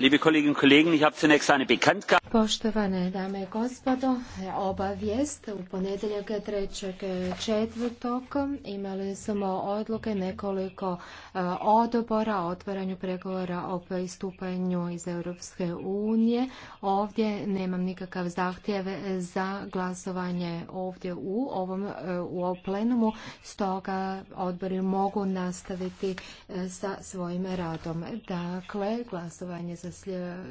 liebe kolleginnen und kollegen ich habe zunächst eine bekanntgabe. Poštovane dame i gospodo, obavijest u ponedjeljak 3. četvrtog imali smo odluke nekoliko e, odobora o otvaranju pregovora o pristupanju iz Europske unije. Ovdje nemam nikakav zahtjev za glasovanje ovdje u ovom e, u plenumu, stoga odbori mogu nastaviti e, sa svojim radom. Dakle, glasovanje za sljede